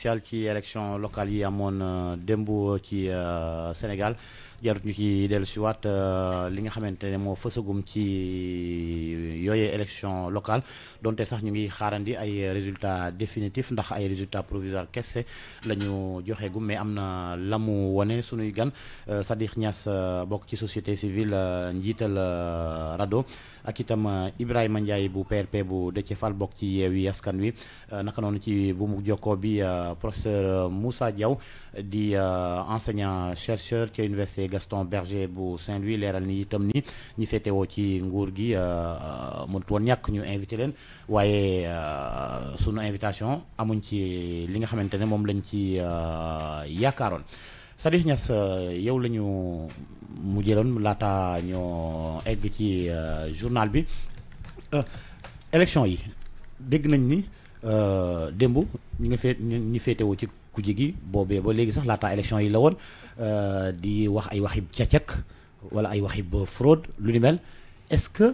si al ci élection locale yi amoon euh, démb euh, ci euh, Sénégal jarut ñu ci dellu si waat li nga xamante ne moo fësagum ci yooyee élection locale donte sax ñu ngi xaarandi ay résultats définitifs ndax ay résultats provisoires kese la ñu joxeegum mais amna na la mu wane sunuy gan Sadikh Niass bokk ci société civile njiital RADDHO akitam itam Ibrahima Ndiaye bu PRP bu Déthié Fall bokk ci Yewwi Askan Wi naka ci bu mu bi professeur euh, Moussa Diaw di euh, enseignant chercheur est l'Université Gaston Berger bou Saint-Louis leral ni itam ni ñi féetewoo ci nguur gi euh, mënut woon ñu invité leen waaye invitation amuñ ci li nga xamantene mom lañ ci yakaron Sadikh Niass yow lañu mu jëloon ñoo egg ci journal bi élection yi dégg nañ ni. Euh, Dembou ñi nga fee ñi wu ci kujigi gi ba sax élection yi la euh, di wax ay wala ay fraude est-ce que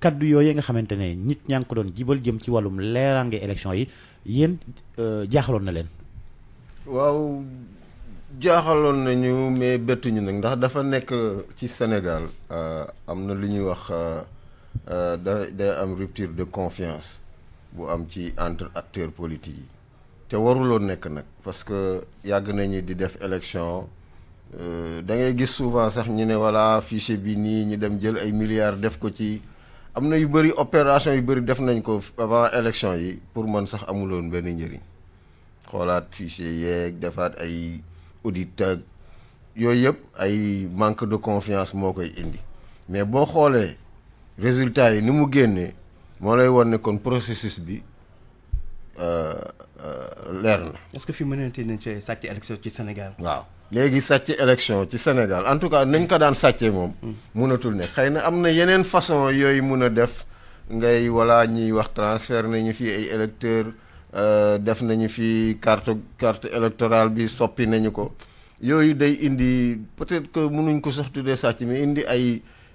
kaddu yoy nga xamantene nit ko jibal jëm ci élection yi euh, na mais ñu nak ndax dafa ci Sénégal euh amna rupture de confiance. bu am ci entre acteurs politiques yi te waruloon nekk nag parce que yàgg nañu di def élection euh, da ngay gis souvent sax ñu ne voilà fichier bi nii ñu dem jël ay milliards def ko ci am na yu bëri opération yu bëri def nañ ko avant élection yi pour man sax amuloon benn njëriñ xoolaat fichier yeeg defaat ay audit ak yooyu yëpp ay manque de confiance moo koy indi mais boo xoolee résultat yi ni mu génnee. moo lay wan ne kon processus bi euh, euh, leer na. est-ce que fi mënante nañ ci sàcc élection ci Sénégal. waaw léegi sàcc élection ci Sénégal en tout cas nañ ko daan sàccee moom. Hmm. mënatul ne xëy na am na yeneen façon yooyu mun a def ngay walla ñiy wax transfert nañu fi ay électeurs euh, def nañu fi carte carte électorale bi soppi nañu ko yooyu day indi peut-être que mënuñ ko sax tuddee sàcc mais indi ay.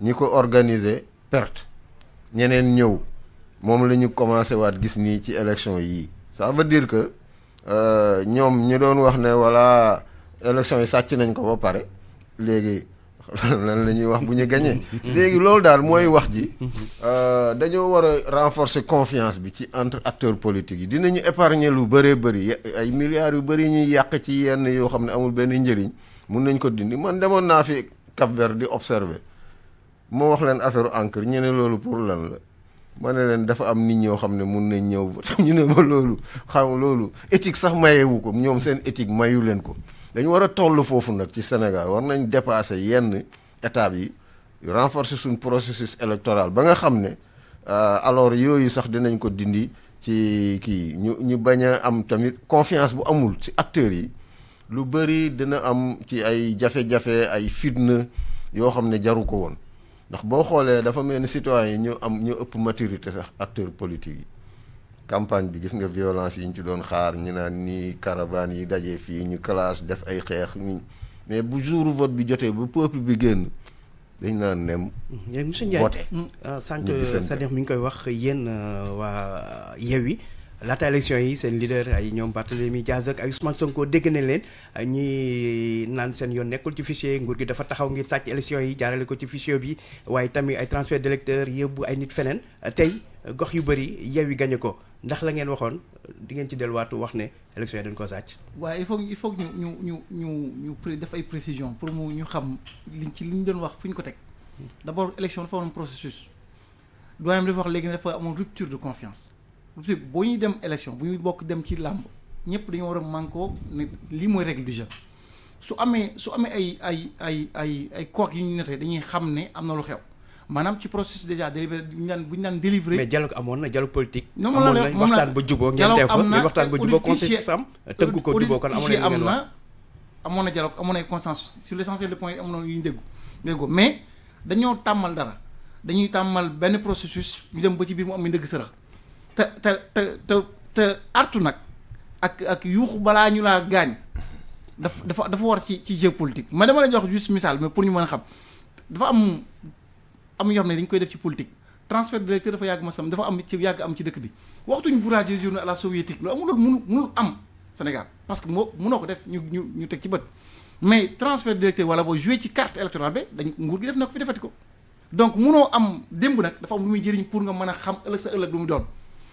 ñi ko organiser perte ñeneen ñëw moom la ñu commencé waat gis nii ci élection yii ça veut dire que euh, ñoom ñu doon wax ne walla élection yi sàcc nañ ko ba pare léegi lan la ñuy wax bu ñu gañee léegi loolu daal mooy wax ji euh, dañoo war a renforcer confiance bi ci entre acteurs politiques yi dinañu épargner lu bëree bëri ay milliards yu bëri ñuy yàq ci yenn yoo xam ne amul benn njëriñ mun nañ ko dindi man demoon naa fi Cap-Vert di observer moo wax leen asaru encre ñu ne loolu pour lan la ma ne leen dafa am nit ñoo xam ne mun nañ ñëw ñu ne ma loolu xam sax mayewu ko ñoom seen éthique mayu leen ko dañu war a toll foofu nag ci Sénégal war nañ dépasser yenn étapes yi renforcer suñ processus électoral ba nga xam ne euh, alors yooyu sax dinañ ko dindi ci kii ñu ñu bañ a am tamit confiance bu amul ci acteurs yi lu bëri dina am ci ay jafe-jafe ay fitna yoo xam ne jaru ko woon ndax boo xoolee dafa mel ni citoyens yi ñu am ñu ëpp maturité sax acteurs politiques yi campagne bi gis nga violence yi ñu ci doon xaar ñu naan nii caravane yi dajee fii ñu clash def ay xeex ñu mais bu jour vote bi jotee bu peuple bi génn dañ naan nem. voté monsieur Ndiaye mm, ah, sànq Sadikh mi ngi koy wax yéen euh, waa Yewwi laata élection yi seen leader ay ñoom Barthélemy Diaz ak Ousmane Sonko dégg nañ leen ñi naan seen yoon nekkul ci fichier nguur gi dafa taxaw ngir sàcc élection yi jaarale ko ci fichier bi waaye tamit ay transfert d'électeurs yóbbu ay nit feneen tey gox yu bëri yew yi gañe ko ndax la ngeen waxoon di ngeen ci delluwaatu wax ne élection yi dañ ko sàcc. waaye il faut il faut ñu ñu ñu ñu ñu def ay précision pour mu ñu xam liñ ci liñ doon wax fuñ ko teg d'abord élection dafa amoon processus doyam li wax léegi dafa amoon rupture de confiance bu ñuy dem élection bu ñuy bokk dem ci làmb ñëpp dañoo war a mànkoo ne lii mooy règle du jeu su amé su amé ay ay ay ay ay kook yu ñu netee dañuy xam ne am na lu xew maanaam ci process déjà délivré bu ñu daan délivré. mais dialogue amon na dialogue politique. amoon na waxtaan ba jubóo ngeen teew fa mais waxtaan ba djubo consensus am. teggu ko djubo kon amoon na am dialogue amoon consensus sur l'essentiel essentiel de point yi amoon na yu ñu déggu déggu mais dañu tamal dara dañuy tamal ben processus ñu dem ba ci bir mu am ndëgg sërëx te te te te te artu nag ak ak yuuxu balaa ñu laa gaañ daf dafa dafa war ci ci jeu politique ma dama la jox juste misaal mais pour ñu mën a xam dafa am am yoo ne dañ koy def ci politique transfert de directeur dafa yàgg ma sam dafa am ci yàgg am ci dëkk bi waxtuñ bourrage des journaux la soviétique loolu amul loolu am Sénégal parce que moo mënoo ko def ñu ñu ñu teg ci bët mais transfert de wala boo joué ci carte électorale dañ nguur def na ko fi ko donc mënoo am démb nag dafa am muy jëriñ pour nga mën a xam ëllëg sa ëllëg lu mu doon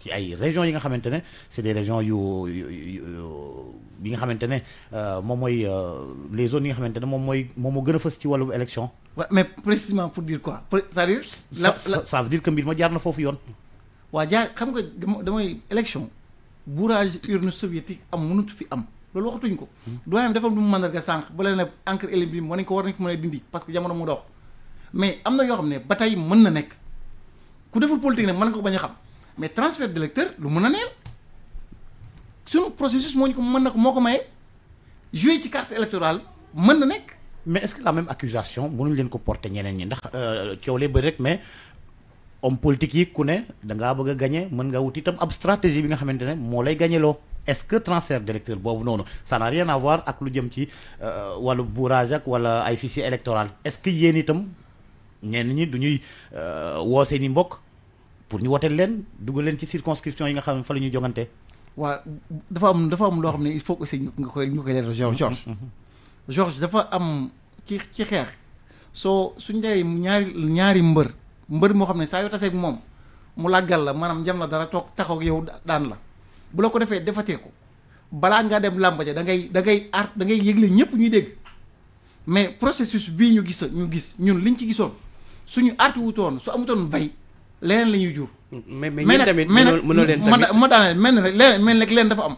ci ay régions yi nga xamante ne c'est des régions yu yi nga xamante ne euh, moom mooy euh, les zones yi nga xamante ne moom mooy moom moo gën a fës ci wàllu élection. waaw mais précisément pour dire quoi ça veut dire la ça veut dire que mbir ma jaar na foofu yoon. waa jaar xam nga damay élection bourrage urne soviétique am mënut fi am. loolu waxatuñ ko hmm. doyen dafa lu mu mandarga sànq ba leen ne encre élim bi moo nañ ko war nañ ko mën a dindi parce que jamono mu dox mais am na yoo xam ne ba tey mën na nekk ku deful politique nag mën nga ko bañ a xam mais transfert d'électeur lu mën a processus moo ko mën na ko carte électorale mën mais est-ce que la même accusation leen ko ñeneen ñi ndax euh, mais homme politique yi ku ne da bëgg stratégie bi nga est-ce que transfert d'électeur ça n'a rien à voir ak lu jëm ci euh, bourrage ak wala électoral est-ce que yéen itam ñi euh, pour ñu woteel leen dugal leen ci circonscription yi nga xam ne fa la ñuy jongante. waa dafa am dafa am loo xam ne il faut aussi ñu koy ñu koy leeral George mm-hmm. George dafa am ci ci xeex soo suñ dee ñaari ñaari mbër mbër moo xam ne saa yoo moom mu làggal la maanaam jam la dara toog taxaw yow daan la bu la ko defee defatee ko balaa ngaa dem làmbaje ja da ngay da ngay art da ngay yëgle ñëpp ñuy dégg mais processus bii ñu gis ñu gis ñun liñ ci gisoon suñu arti wutoon su amutoon vay leneen la ñuy jur. mais mais yéen tamit mënoo leen tamit ma daaneel mel ni rek leneen mel rek leneen dafa am.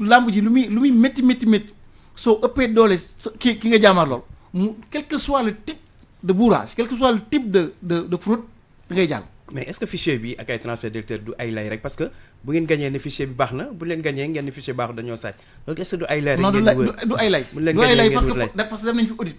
làmb ji lu muy lu muy métti métti métti soo ëppee doole ki ki nga jaamaar lool mu quel que soit le type de bourrage quel que soit le type de de de fraude da ngay jàll. mais est-ce que fichier bi ak ay transfert directeur du ay lay rek parce que bu ngeen gañee ne fichier bi baax na bu leen gañee ngeen ne fichier baax dañoo sàcc loolu est-ce que du ay lay rek. ngeen di wër non du ay lay du ay lay. bu leen gañee ngeen wër lay parce que parce que def nañ fi audit.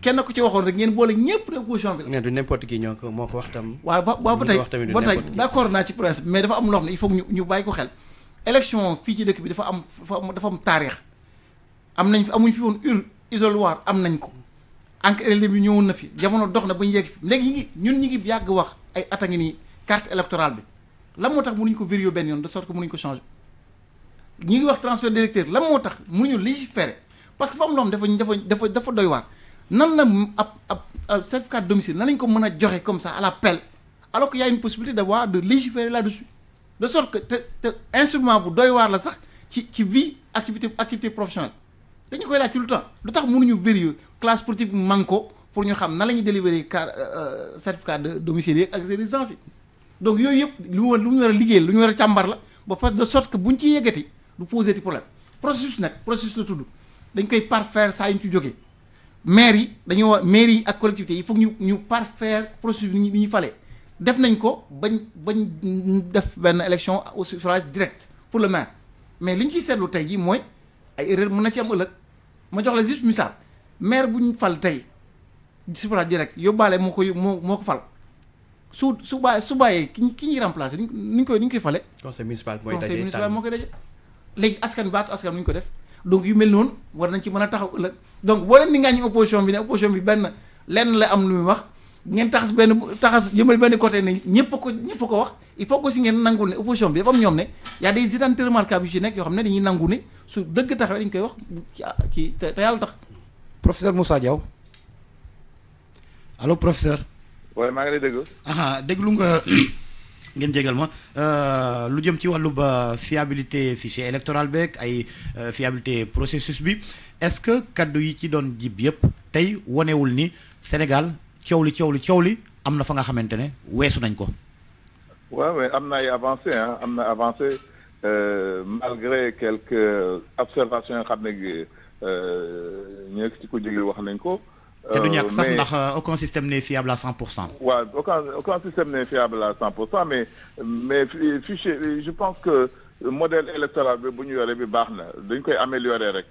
kenn ku ci waxoon rek ngeen boole ñëpp ne position bi la. mais du n'importe qui ñoo ko moo ko wax tam. waaw ba ba tey ba tey d'accord ñu ñu ko xel. élection fii ci dëkk bi dafa am dafa am taarix am nañ fi amuñ fi woon ur isoloir am nañ ko. encre lim bi ñëwoon na fi jamono dox na ba ñu yegg fi ñu ngi ñun ñu ngi yàgg wax ay at a ngi bi lan moo tax mënuñ ko vérifier benn yoon de sorte que mënuñ ko changer. ñu ngi wax transfert d'électeurs lan moo tax mënuñu légiférer parce que fa am loo xam dafa dafa dafa dafa doy waar nan la ab ab ab certificat de domicile nan lañ ko mën a joxe comme ça à l'appel alors qu'il y a une possibilité d'avoir de légiférer là-dessus de sorte que te instrument bu doy war la sax ci ci vie activité activité professionnelle Dañ koy laaj tout le temps Lutax mënu ñu vérifier classe politique man pour ñu xam nan la ñuy délivrer car euh, euh, certificat de domicile ak ses donc yoy yep lu war lu ñu war a lu ñu war la ba fa de sorte que buñ ci yëkkati du poser de problème processus nak processus la tuddu. dañ koy parfaire saa yu ñu ci jógee mairie dañu maire ak nous il parfaire processus ñu fale def nañ ko bañ bañ élection au suffrage direct pour le maire mais que ci sétlu tay gi moy ay erreur mëna ci am ma jox la juste misaal maire buñ fal suffrage direct fal su su ki ñi remplacer conseil municipal conseil municipal donc yu mel non war nañ ci mëna taxaw ëlëk donc bo leen di ngañ opposition bi ne opposition bi ben lenn la am lu muy wax ngeen taxas ben taxas yëmal ben côté ne ñepp ko ñepp ko wax il faut aussi ngeen nangul ne opposition bi bam ñom ne y a des identités remarquables ci nek yo xamne dañuy nangul ni su dëgg taxaw dañ koy wax ci ta yalla tax professeur Moussa Diaw allo professeur Oui, je suis là. Ah, je suis là. ngeen jégal ma euh, lu jëm ci wàllu ba euh, fiabilité fichier électoral beeg ay euh, fiabilité processus bi est-ce que kaddu yi ci doon jib yëpp tey wanewul ni Sénégal coow li coow li am na fa nga xamante ne weesu nañ ko. waaw am na ay avancé ah hein, am na avancé malgré quelques observations yoo xam ne ñeeg ci ko jógee wax nañ ko. Euh, euh, aucun système n'est fiable à 100 Oui, aucun système n'est fiable à 100 mais mais je pense que le modèle électoral de bu et de bi baax amélioré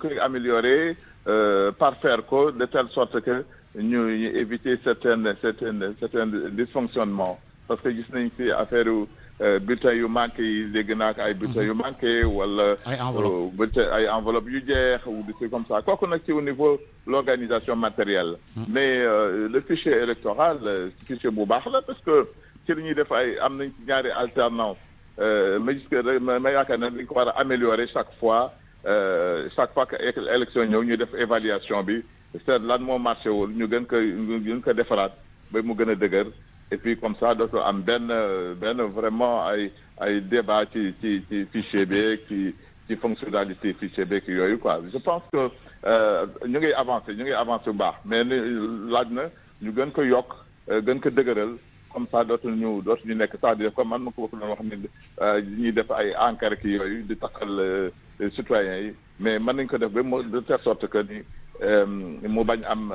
koy améliorer rek dañ koy euh, de telle sorte que nous éviter certains dysfonctionnements parce que gis nañ ci affaire euh, bulletin yu manqué yi dégg naa ko ay bulletin yu mhm. manqué wala bulletin ay enveloppe euh, yu jeex ou de trucs comme ça kooku nag ci au niveau l'organisation matérielle mhm. mais euh, le fichier électoral fichier bu baax la parce que ci li ñuy def ay am nañ ci ñaari alternance ma gis que ma yaakaar ne li ko war a améliorer chaque fois chaque fois que élection ñëw ñu def évaluation bi c'est lan moo marché wul ñu gën ko ñu gën ko defaraat ba mu gën a dëgër et puis comme ça dootu am ben ben vraiment ay ay débat ci ci fichier B qui qui fonctionnalité fichier beeg yooyu quoi je pense que euh, ñu avons avancé ñu avons avancé bas baax mais là laaj nous ñu gën ko gagnons euh, gën ko comme ça dootu nous dootu ñu nekk c'est-à-dire comme man ma ko bokk wax ni euh, ñuy def ay encart a eu di takkal citoyens yi mais mën que ko def de telle sorte que ni mu bañ am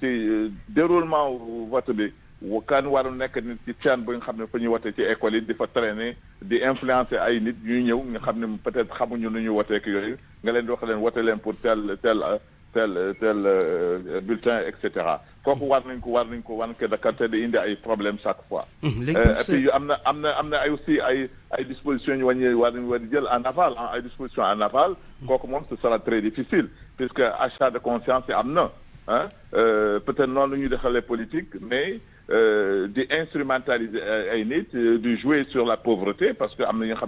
ci euh, déroulement vote bi kan waru nekk ni ci teen bu nga xam ne fa ñuy wote ci école yi di fa traîner di influencer ay nit ñuy ñëw nga xam ne peut-être xamuñu nu ñuy ak yooyu nga leen di wax leen wote leen pour tel tel tel tel euh, bulletin et cetera kooku war nañ ko war nañ ko wan ke da te di indi ay problème chaque fois. Hum, euh, et puis am na am na am na ay aussi ay ay dispositions yu wàññi war nañ war di jël en aval ay dispositions en aval. Hum. kooku moom ce sera très difficile puisque achat de conscience am na. Hein, euh, peut-être non nous des politique mais euh, d'instrumentaliser, instrumentaliser euh, de jouer sur la pauvreté parce que y a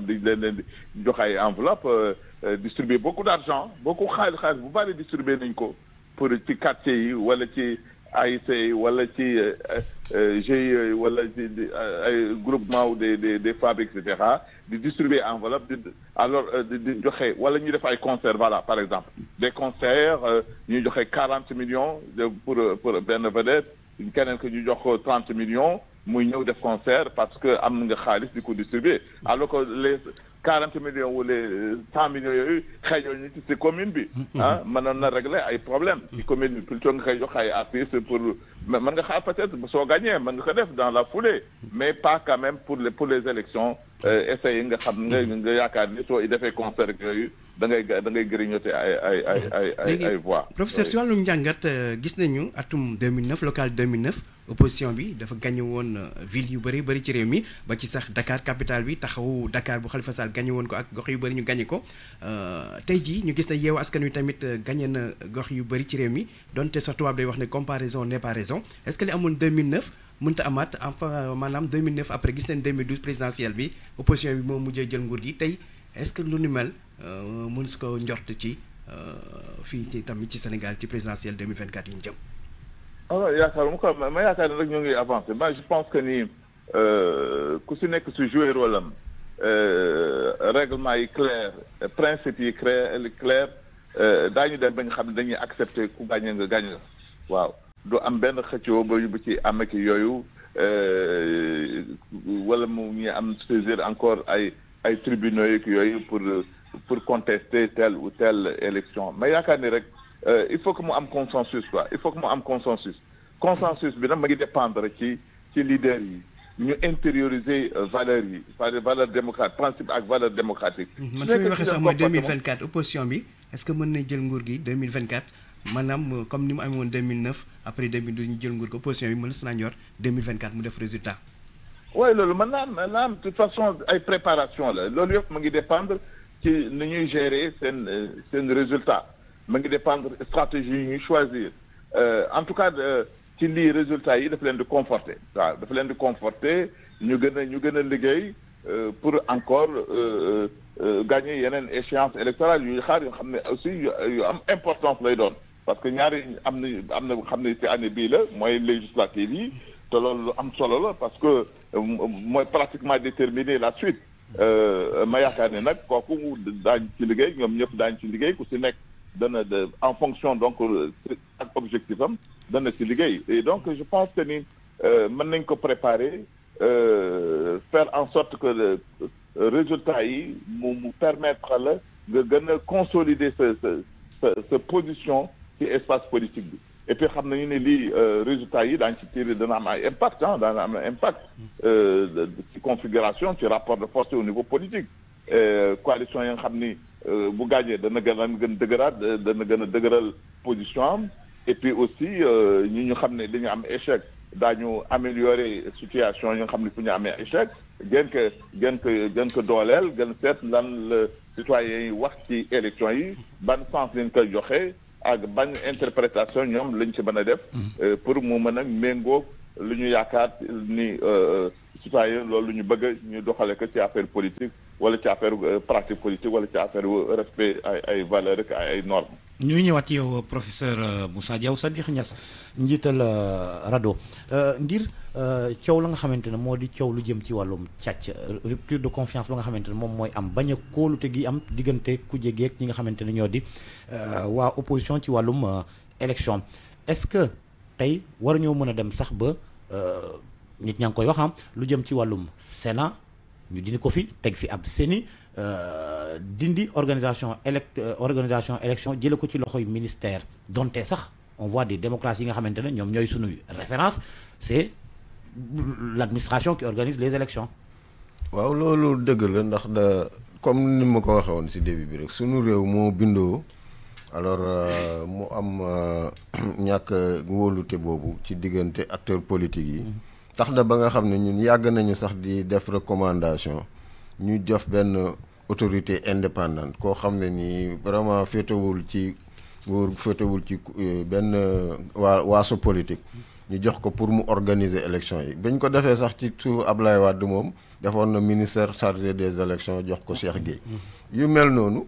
des enveloppes distribuer beaucoup d'argent beaucoup de vous ne pouvez distribuer les pour ci quartier ou wala ci Aïe voilà qui j'ai voilà groupement ou des des fabriques etc de distribuer enveloppe alors de a voilà nous devons concert voilà par exemple des concerts nous fait 40 millions pour euh, pour Ben Vedette une nous 30 millions nous des concerts parce que amener Khalis du coup distribuer alors que les 40 millions les 100 euh, millions yooyu xëyoo ñu ci commune Maintenant, mm-hmm. ah, on a réglé les problèmes. problème ci commune plutôt nga koy jox ay artistes pour mais nga xaar peut-être gagné on nga ko def dans la foulée mais pas quand même pour les pour les élections essayer de faire des concerts, de ni da ngay da ngay grignoter ay ay ay voix. professeur si wàllum njàngat euh, gis nañu atum 2009 local 2009 opposition bi dafa gagné woon euh, ville yu bari bari ci réew mi ba ci sax Dakar capitale bi taxawu Dakar bu Khalifa Sall gagné woon ko ak gox yu bari ñu gagné ko euh, tay ji ñu gis na yeewu askan wi tamit euh, gagné na gox yu bari ci réew mi donte sax tuwab day wax ne comparaison n'est pas raison est-ce que li amone 2009 mënta amaat enfin maanaam 2009 après gis nañ 2012 présidentiel bi opposition bi moo mujjee jël nguur gi tey est-ce que lu ni mel mën su ko njort ci fii ci tamit ci Sénégal ci présidentiel 2024 yi ñu jëm ah yaakaaruma quoi ma yaakaar ne rek ñoo ngi avancé ma je pense que ni euh, ku si nekk su joué rôle euh, règlement yi clair principe yi clair clair euh, daañu dem ba nga xam dañuy accepter ku gagné nga gagné waaw do am ben xëccoo ba yóbbu ci yoyu euh wala mu ñu am saisir encore ay ay tribunaux yeeg yooyu pour pour contester telle ou telle élection mais yakane rek euh, il faut que mu am consensus quoi il faut que mu am consensus consensus bi nag ma ngi dépendre ci ci leader yi ñu intérioriser euh, valeurs yi cest valeur démocratique principe ak valeur démocratique. Mhm. man fi waxe sax moy 2024 opposition bi est-ce que mën na jël nguur gi 2024 manam euh, comme ni mu amé won 2009 après 2012 ñu jël nguur ko opposition bi mën na ñor 2024 mu def résultat. waaye loolu man na de toute façon ay préparation la Le yëpp magui ngi dépendre ci ni ñuy gérer sen sen résultat ma ngi dépendre stratégie yi ñuy choisir euh, en tout cas euh, ci lii résultat yi dafa leen di conforter waaw dafa leen di conforter ñu gën a ñu gën a liggéey euh, pour encore gagner yeneen échéance électorale yu xaar yoo xam ne aussi yu am importance lay doon parce que ñaari am na am na xam ne ci année bii la mooy législative yi te loolu am solo la parce que mooy pratiquement déterminer la suite ma yaakaar ne nag kooku daañ ci liggéey ñoom ñëpp daañ ci liggéey ku si nekk en fonction donc l'objectif euh, objectif am et donc je pense que nous euh, devons préparer euh, faire en sorte que le résultat nous nous de de consolider cette position ci espace politique et puis xam nañu les résultats résultat yi hein, impact dans la impact configuration ci rapport de force au niveau politique coalition yi euh, bu gagnez, dana gën euh, position et puis aussi nous euh, ñu xamné dañu am échec améliorer situation nous échec gën que gën que gën que gën lan citoyens wax ci élection ban sens ak mm-hmm. pour mu mëna mengo nous ni citoyen loolu ñu bëgg ñu politique wala ci affaire euh, pratique politique wala ci affaire euh, respect ay ay valeur ak ay ay normes. ñuy ñëwaat yow euh, professeur Moussa Diaw Sadikh Niass njiital euh ngir ciow la nga xamantene ne moo di coow lu jëm ci walum càcc rupture de confiance ba nga xamantene mom moy am baña a kóolute gi am diggante ku ak ñi nga xamantene ñoo di euh wa opposition ci walum élection est-ce que tay war ñoo mëna dem sax ba euh nit ñang koy wax ah, lu jëm ci walum Sénat. Nous disons ko fi teg fi ab seni euh, dindi organisation élect euh, organisation élection jële ko ci loxoy ministère donte sax on voit des démocraties yi nga xamante ne ñoom ñooy référence c'est l'administration qui organise les élections waaw loolu dëgg la ndax da comme ni ma ko waxee woon ci début bi rek sunu réew moo bindoo alors euh, mu am ñàkk wóolute boobu ci diggante acteurs politiques yi mm-hmm tax na ba nga xam ne ñun yàgg nañu sax di def recommandation ñu def benn autorité indépendante koo xam ne nii vraiment féetewul ci nguur féetewul ci euh, benn euh, waa waaso politique ñu jox ko pour mu organiser élection yi bañ ko defee sax ci su Ablaye Wade moom defoon na ministère chargé des élections jox ko Cheikh Gueye yu mel noonu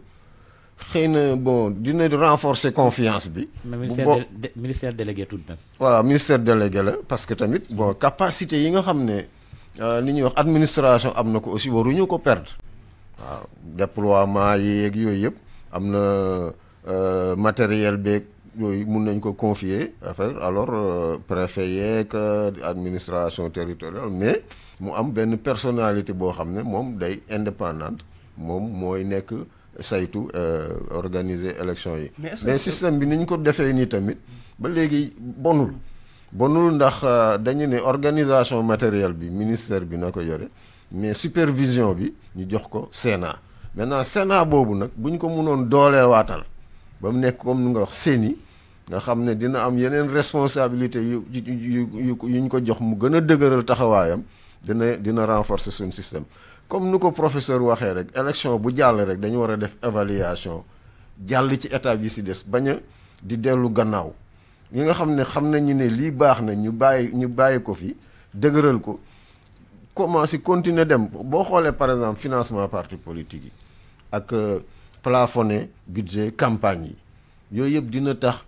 xëy bon dina renforcer confiance bi. bu ministère ministère délégué tout même. voilà ministère délégué la parce que tamit bon capacité yi nga xamné euh, ni ñuy wax administration am ko aussi waruñu ko perdre. waaw déploiement ak yoy yëpp amna euh, matériel beeg yoy mun nañ ko confier affaire alors euh, préfet yeeg euh, administration territoriale mais mu am ben personnalité bo xamné mom day indépendante mom mooy nekk saytu euh, organiser élection yi. mais système bi niñ ko défé ni tamit ba légui bonul. bonul ndax euh, dañu ne organisation matérielle bi ministère bi nako yoré mais supervision bi ñu jox ko Sénat maintenant Sénat bobu nak buñ ko mënon doolee watal bam nek comme nu nga wax séni nga xamné dina am yenen responsabilité yu yu ñu ko jox mu gëna dëgeural taxawayam dina dina renforcer suñu système comme nu ko professeur waxee rek élection bu jall rek dañu wara def évaluation jall ci étape yi ci dess baña di déllu gannaaw ñi nga xam ne xam nañu ne baax na ñu bàyyi ñu bàyyi ko fi dëgëral ko comment si continuer dem bo xolé par exemple financement parti politique ak euh, plafonner budget campagne yi yooyu dina tax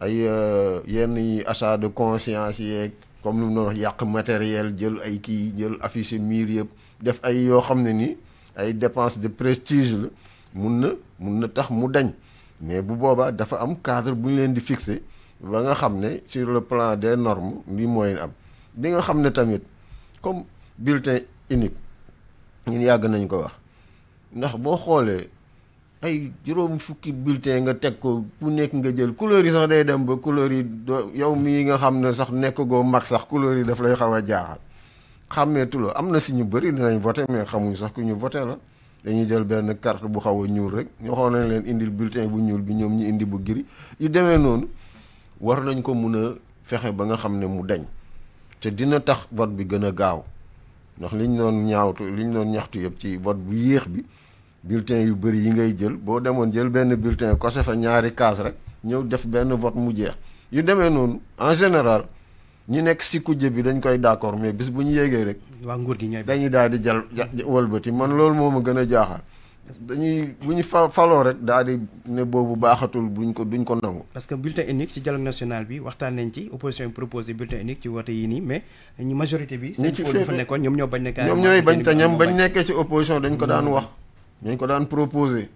ay euh, yenn yi achat de conscience yeeg comme lu mu doon wax yàq matériel jël ay ki jël affiche mur yëpp def ay yoo xam ne nii ay dépense de prestige la mun na mun na tax mu dañ mais bu boobaa dafa am cadre bu ñu leen di fixé ba nga xam ne sur le plan des normes li mooy am di nga xam ne tamit comme bulletin unique ñun yàgg nañ ko wax ndax boo xoolee ay juróom fukki bulletin nga teg ko bu nekk nga jël couleur yi sax day dem ba couleur yi do yow mii nga xam ne sax nekk goo mag sax couleur yi daf lay xaw a jaaxal xàmmeetuloo am na si ñu bëri dinañ voté mais xamuñ sax ku ñu voté la dañuy jël benn carte bu xaw a ñuul rek ñu xaw nañ leen indil bulletin bu ñuul bi ñoom ñu indi bu giri yu demee noonu war nañ ko mun a fexe ba nga xam ne mu deñ te dina tax vote bi gën a gaaw ndax liñ doon ñaawtu liñ doon ñaxtu yëpp ci vote bu yéex bi bulletin yu bëri yi ngay jël boo demoon jël benn bulletin kose fa ñaari kaas rek ñëw def benn vote mu jeex yu demee noonu en général ñu nekk si kujje bi dañ koy d'accord mais bis bu ñu yéegee rek. waa nguur gi ñooy dañuy daal di jal walbati man loolu moo ma gën a jaaxal. dañuy bu ñu fa faloo rek daal di ne boobu baaxatul buñ ko duñ ko nangu. parce que bulletin unique ci dialogue national bi waxtaan nañ ci opposition bi proposé bulletin unique ci woote yii nii mais ñu majorité bi. ñi ci nekkoon ñoom ñoo bañ ne. ñoom ñooy bañ te ñoom nekkee ci opposition dañ ko daan mm. wax. dañ ko daan proposé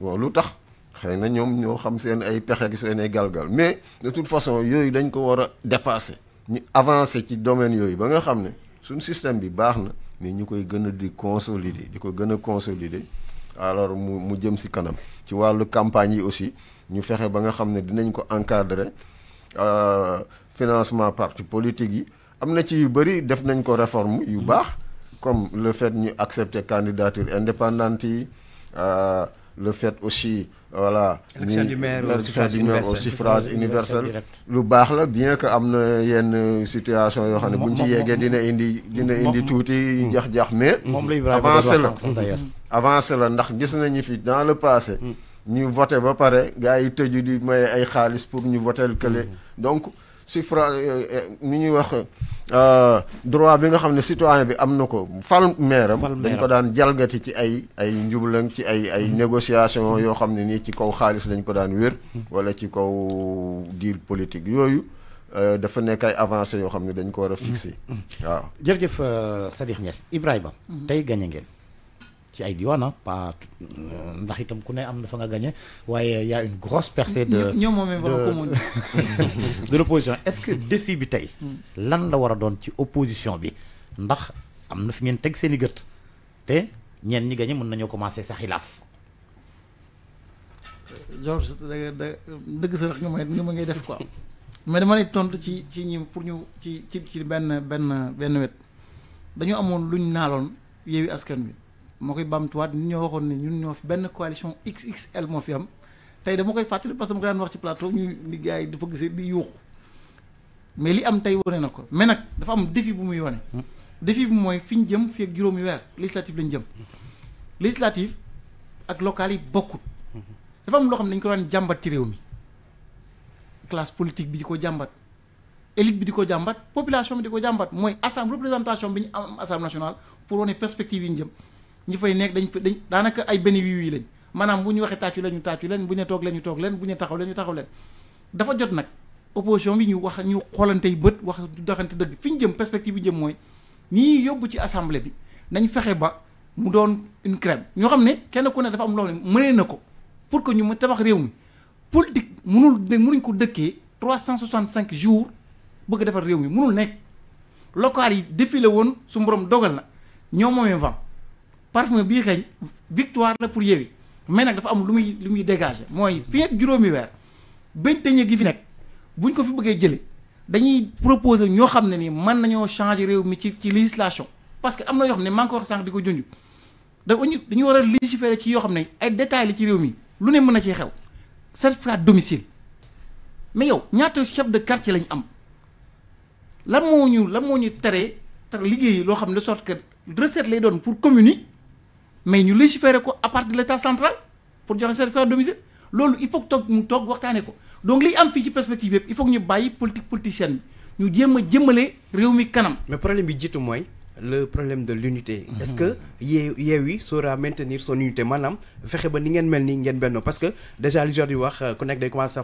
waaw lu tax xëy na ñoom ñoo xam seen ay pexe ak seen ay galgal mais de façon yooyu dañ ko war a dépassé. ñu avancer ci domaine yooyu ba nga xam ne suñu système bi baax na mais ñu koy gën a di consolider di ko gën a consolider alors mu mu jëm si kanam ci wàllu campagne yi aussi ñu fexe ba nga xam ne dinañ ko encadrer euh, financement parti politique yi am na ci yu bëri def nañ ko réforme yu baax comme le fait ñu accepter candidature indépendante yi euh, le fait aussi voilà élection du maire au suffrage universel lu bax la bien que amna yenn situation yo xam buñ ci yégué dina indi dina indi touti mm. jax-jax mais mm. avancé la mm. avancé la ndax gis nañu fi dans le passé ñu voté ba paré gaay yi tëju di may ay xaalis pour ñu voter kële donc si fra euh, euh, ni ñuy wax euh, droit bi nga xam ne citoyen bi am na ko fal maire am dañ ko daan jalgati ci ay ay njublang ci ay ay mm-hmm. négociation mm-hmm. yoo xam ne nii ci kaw xaalis dañ ko daan wér mm-hmm. wala ci kaw deal politique yooyu dafa nekk ay avancé yoo xam ne dañ ko war a fixé waaw jërëjëf Sadikh Niass Ibrahima tey gañe ngeen ci ay diwaan ah pas euh, ndax itam ku ne am na fa nga gagné waye y' a une grosse percée de ñoom moom de l'opposition est-ce que défi bi tay hmm. lan la wara don ci opposition bi ndax am na fi ngeen teg seeni i gët te ñeen ñi gagné mën nañoo commencé sa xilaaf Georges da dëgg sa rax nga may nga ma ngay def quoi mais dama lay tontu ci ci ñi pour ñu ci ci ben ben ben wet dañu amoon luñ naaloon yewi askan wi moo bam bamtuwaat ñun ñoo waxoon ne ñun ñoo fi benn coalition XXL mo fi am tey dama koy fàttali parce que mu ko wax ci plateau ñu li gars yi dafa di yuuxu mais li am tay woné na ko mais nag dafa am défi bu muy woné hmm. défi bi mooy fi jëm fi ak juróomi weer législatif lañ jëm hmm. législatif ak local yi bokkut hmm. dafa am lo xam dañ ko daan jambat ci réew mi classe politique bi di ko jàmbat élite bi diko jambat population bi diko jambat moy assemblée représentation bi ñu am assemblée nationale pour wane perspective yi ñu jëm. ñi fay nekk dañ fa dañ daanaka ay benn wii wii lañ maanaam bu ñu waxee tàccu leen ñu tàccu leen bu ñu toog leen ñu toog leen bu ñu taxaw leen ñu taxaw leen dafa jot nag opposition bi ñu wax ñu xoolantey bët wax doxante dëgg fi ñu jëm perspective bi jëm mooy ñii yóbbu ci assemblée bi nañ fexe ba mu doon une ñoo xam ne kenn ku ne dafa am loolu mënee na ko pour que ñu ma tabax réew mi politique munul munuñ ko dëkkee trois cent cinq jours bëgg defar réew mi munul nekk local yi défilé woon su mborom dogal na ñoo moomee vent parfum bi xeeñ victoire la pour yewi mais nak dafa am lu muy lu muy dégager moy fi ak juromi wer bañ teñe gi fi nek buñ ko fi bëggee jëlee dañuy proposer ño xamné ni man nañu changer réew mi ci ci législation parce que amna yo xamné xam ko wax sank diko jundju dañu dañu war légiférer ci yo xamné ay détails ci réew mi lu ne mëna ci xew certificat domicile mais yow ñaata chef de quartier lañ am lan moñu ñu lan moo ñu teree liggéey loo xam sorte que recette lay doon pour commune mais nous les légiférer à partir de l'État central pour dire que c'est à domicile. Lolo, il faut que nous nous parlions. Donc, il y a une perspective. Il faut que nous baillions politique politicienne. Nous disons que nous sommes les réunis. Mais le problème, c'est que le problème de l'unité mhm. est-ce que yé saura maintenir son unité Manam, fexe ba ni benno parce que déjà les wax euh, ku commencé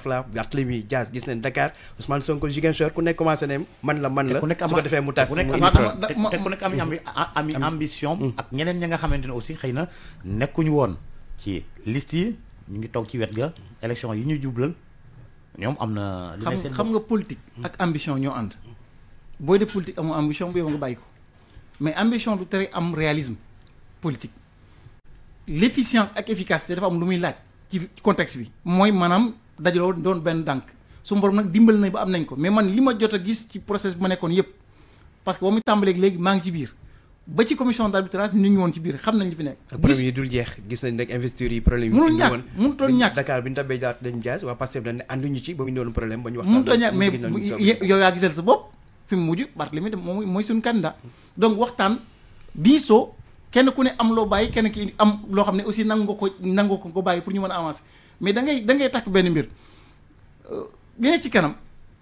Dakar Ousmane Sonko ku commencé à man la man la commencé à faire ku ambition mm. ak ñeneen ñi nga aussi ci liste ngi ci ga élection yi ñu xam nga politique ambition politique ambition nga mais ambition du tere am réalisme politique l'efficience ak efficacité dafa am lu muy laaj ci contexte bi moy manam dajaloo don ben dank su borom nak dimbal nañ ba am nañ ko mais man lima ma jot gis ci process bi ma nekkoon yëpp parce que ba mu tàmbaleeg mang ci biir ba ci commission d'arbitrage ñu ngi won ci biir xam nañ li fi nek gis problème yi dul jeex gis nañ nek investiture yi problème yi. won ñàkk mënutoon ñak Dakar bi ñu tabbee daal dañu jaas waa Pastef dañ ne ñu ci ba mu ñu doon problème ba ñu wax. mënutoon ñàkk mais yow ya gisal sa bop fi mu mujj Barthélemy moom mooy suñu candidat donc waxtaan diisoo kenn ku ne am loo bàyyi kenn ki am loo xam ne aussi nangu nga ko nangu ko bàyyi pour ñu mën a avancer mais da ngay da takk benn mbir euh, li ne ci kanam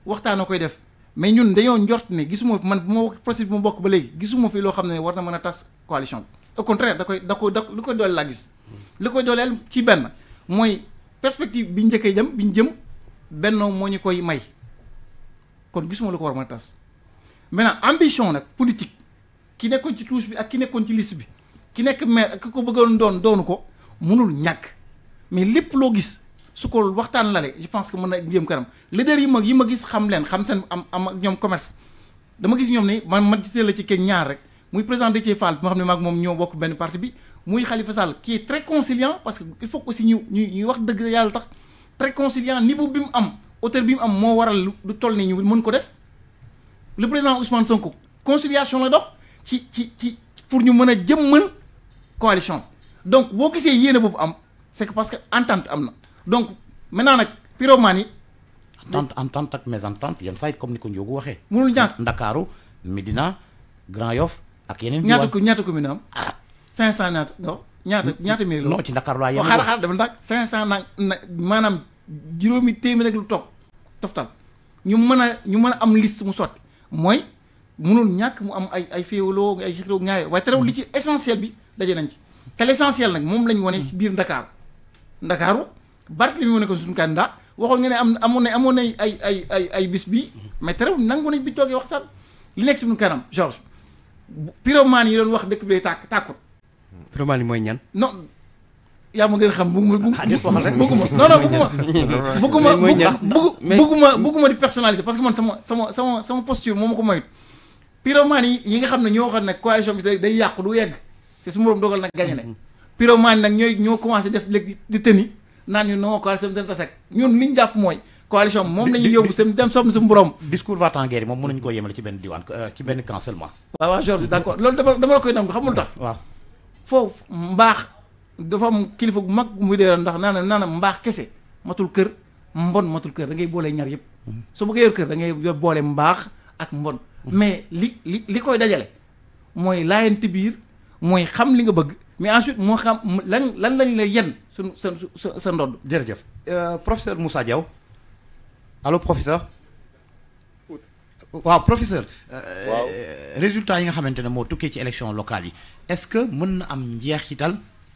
waxtaan a koy def mais ñun dañoo njort ne gisuma man bu ma procédure bu ma bokk ba léegi gisuma fi loo xam ne war na mën a tas coalition bi au contraire da koy da ko da lu koy dooleel laa gis lu koy dooleel ci benn mooy perspective bi njëkkee jëm bi ñu jëm bennoo moo ñu koy may kon gisuma lu ko war tas maintenant ambition nak politique ki nekkoon ci touche bi ak ki nekkoon ci liste bi ki nekk maire ak ko beugone don donuko ko mënul mais lepp lo gis su ko waxtaan lale je pense que mën na jëm kanam leader yi mag yi ma gis xam len xam sen am am commerce dama gis ñom ne man ma gisee la ci ken ñaar rek muy président Déthié Fall mo xam ne maag moom ñoo bokk ben parti bi muy Khalifa Sall qui est très conciliant parce que il faut aussi ñu ñu wax dëgg yalla tax très conciliant niveau bi mu am auteur bi mu am mo waral du toll ni ñu mën ko def le président Ousmane Sonko conciliation la dox ci ci ci pour ñu mën a jëmmal coalition donc boo gisee yéene boobu am c'est que parce que entente am na donc maintenant nag pyromane yi. entente entente ak mésentente yenn saa yi comme ni ko Ndiogou waxee. mënul ñàkk Ndakaaru Medina Grand Yoff ak yeneen. ñaata ko ñaata commune am. ah 500 ñaata non ñaata ñaata mairie. non ci Ndakaaru laa yem. xaar oh, xaar dafa nag 500 nag maanaam juróomi téeméer rek lu topp toftal ñu mën a ñu mën a am liste mu sot mooy mënul ñàkk mu am ay ay féewaloo ay xiroo waaye terewul li ci essentiel bi daje nañ ci te essentiel nag moom lañ wane ci biir Ndakaaru Ndakaaru Barthélemy moo nekkoon suñu candidat waxoon nga ne am amoon na amoon ay ay ay ay ay bis bii mais terewul nangu nañ bi toogee wax sax li nekk suñu kanam Georges pyromane yi doon wax dëkk bi day tàkk tàkkut pyromane yi mooy ñan non il ma a non non parce que man sama posture mon ko pyromane yi ne ne coalition c'est su dogal nag ne pyromane nag commencé def léegi di non coalition bi dana ñun coalition la ñuy yóbbu dem discours va t'en guerre moom mën koo qui ci seulement. d'accord dafa kilifa gu mag muy dee ndax naa na naa na mbaax kese matul kër mbon matul kër da ngay boole ñar yëpp su bëggee yor kër dangay ngay boole mbaax ak mbon mais li li li koy dajale mooy laayante biir mooy xam li nga bëgg mais ensuite moo xam lan lan lañ la yen suñ sa sa sa ndodd jërëjëf euh, professeur Moussa Diaw allo professeur waaw professeur euh, résultat yi nga xamante ne moo tukkee ci élection locale yi est-ce que mën na am njeexital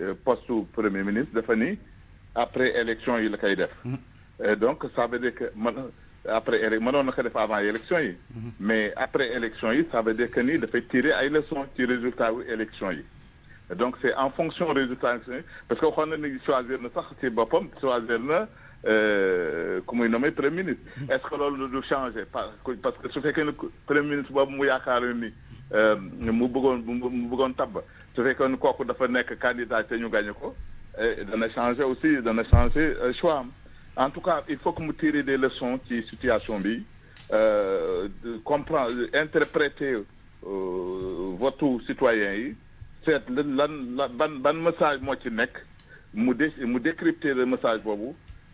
Euh, poste premier ministre de après élection il a koy mm-hmm. euh, donc ça veut dire que après élection on pas avant élection mm-hmm. mais après élection ça veut dire que ni fait tirer ay son ci résultat de élection donc c'est en fonction du résultat parce que a on ni choisir na sax ci choisir na euh, Comment il nommé premier ministre mm-hmm. est-ce que l'on doit changer parce que ce fait que le premier ministre boobu mu yaakaaru ni euh, mu bëggoon mu bëggoon tabb su fekkee ne kooku dafa nek candidat te ñu gagné ko eh, dana changer aussi dana changer euh, choix en tout cas il faut que mu tirer des leçons ci situation bi comprendre interpréter votre citoyen yi seet lan ban ban message mo ci nek mu mu décrypter le message bobu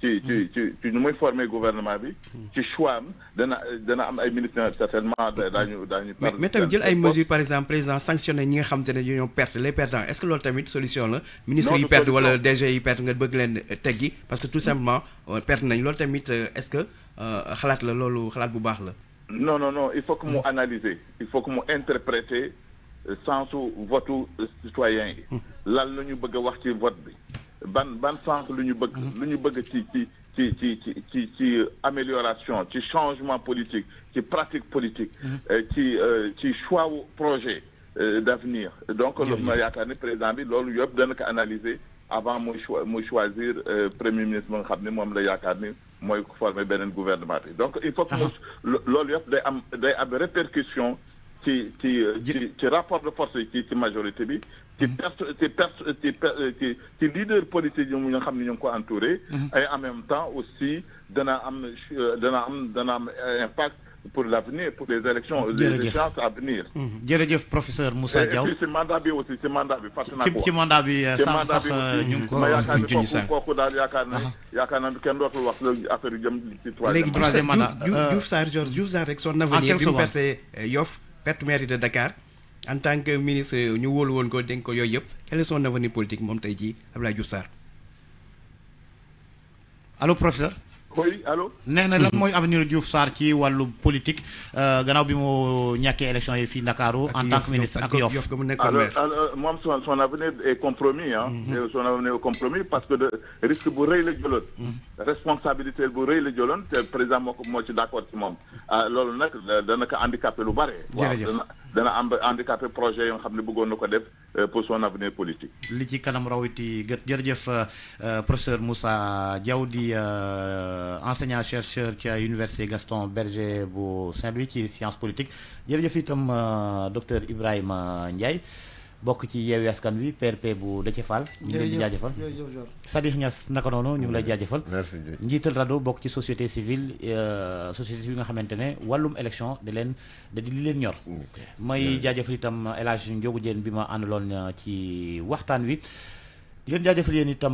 ci tu, tu, ci nu muy former gouvernement bi. ci hmm. choix dana dana am ay ministres certainement hmm. dañu dañu mais mais tamit jël ay mesures par exemple président sanctionner ñi nga xam ne ñoo perte les perdants est-ce que loolu tamit solution la. ministre yi perte wala DG yi perte nga bëgg leen euh, teggi parce que tout hmm. simplement euh, perte nañ loolu tamit euh, est-ce que xalaat la loolu xalaat bu baax la. non non non il faut que mu analyser il faut que mu interpréter sensu vote citoyen yi. lan la ñu bëgg wax ci vote bi ban ban sens luñu bëgg mhm. luñu bëgg ci ci ci ci ci ci amélioration ci changement politique ci pratique politique mhm. euh, ci euh, ci choix projet euh, d'avenir donc le ma yaakaar président bi loolu yëpp dana ko analyser avant muy muy choisir premier ministre nga xam ne moom la yaakaar ni mooy former beneen gouvernement bi donc il faut que ah. loolu yëpp day am day am répercussion ci ci ci rapport de force ci ci majorité bi qui euh, leaders mm-hmm. et en même temps aussi dana euh, euh, impact pour l'avenir, pour les élections les chances à venir. Mm-hmm. professeur Moussa mandat aussi mandat mandat a mandat. a uh-huh. mandat. de Dakar. en tant que ministre ñu wóolu woon ko dénk ko yooyu yëpp quel est son avenir politique moom tey jii Abdoulaye Diouf Sarr allo professeur oui allô nee na lan mooy avenir Diouf Sar ci wàllu politique euh, gannaaw bi mu ñàkkee élection yi fii Ndakaaru en tant que ministre ak Yoff alors alors euh, moom son son avenir est compromis ah. son avenir est compromis parce que de risque bu rëy la jëloon. Mhm. responsabilité bu rëy la jëloon te président moo ko moo ci d' accord ci moom ah, loolu nag dana ko handicapé lu bare. jërëjëf dana am handicapé projet yoo xam ne bëggoon na ko def pour son avenir politique. li ci kanam rawiti gët jërëjëf professeur Moussa Diaw di. Euh, enseignant chercheur ci ay université Gaston Berger bu Saint-Louis sciences politiques politique jërëjëf itam euh, docteur Ibrahim Ndiaye bok ci yeewu askan wi PRP bu Déthié Fall. ñu ngi leen di jaajëfal Sadikh Niass naka noonu ñu lay jaajëfal. merci njiital rajo bok ci société civile euh, société civile nga xamantene walum wàllum élection di leen di li leen ñor. Mm. may jaajëfal itam Elage Hadj Ndiogou Diène bi ma ci waxtan wi di leen jaajëfal yéen itam.